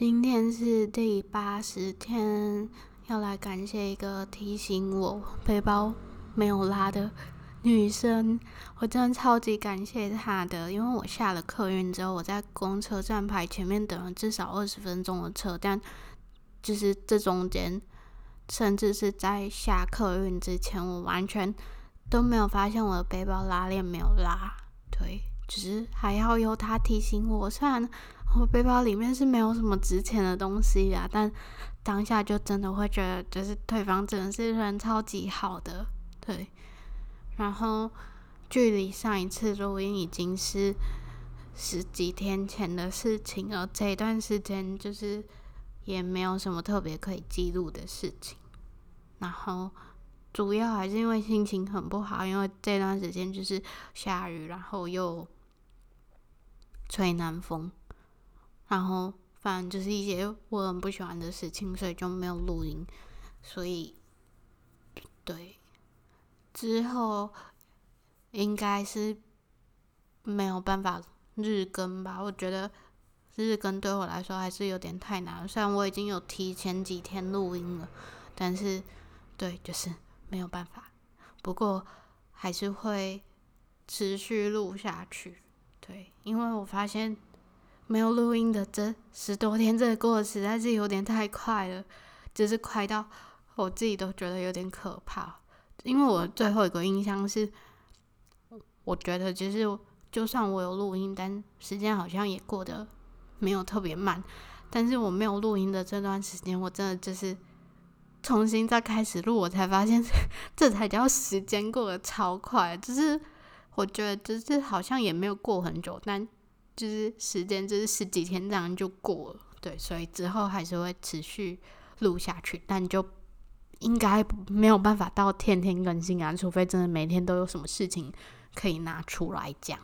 今天是第八十天，要來感謝一個提醒我背包沒有拉的女生，我真的超級感謝她的，因為我下了客運之後，我在公車站牌前面等了至少二十分鐘的車，但就是這中間，甚至是在下客運之前，我完全都沒有發現我的背包拉鏈沒有拉，對，只是還要由她提醒我，雖然。我背包裡面是沒有什麼值錢的東西呀，但當下就真的會覺得，就是對方真的是人超級好的，對。然後距離上一次錄音已經是十幾天前的事情了，而這段時間就是也沒有什麼特別可以記錄的事情。然後主要還是因為心情很不好，因為這段時間就是下雨，然後又吹南風。然後，反正就是一些我很不喜歡的事情，所以就沒有錄音。所以，對，之後應該是沒有辦法日更吧？我覺得日更對我來說還是有點太難。雖然我已經有提前幾天錄音了，但是，對，就是沒有辦法。不過還是會持續錄下去，對，因為我發現。沒有錄音的這十多天，這個、過得實在是有點太快了，就是快到我自己都覺得有點可怕。因為我最後一個印象是，我覺得就是，就算我有錄音，但時間好像也過得沒有特別慢。但是我沒有錄音的這段時間，我真的就是重新再開始錄，我才發現，呵呵，這才叫時間過得超快。就是我覺得，就是好像也沒有過很久，但。就是時間，就是十幾天這樣就過了，對，所以之後還是會持續錄下去，但就應該沒有辦法到天天更新啊，除非真的每天都有什麼事情可以拿出來講。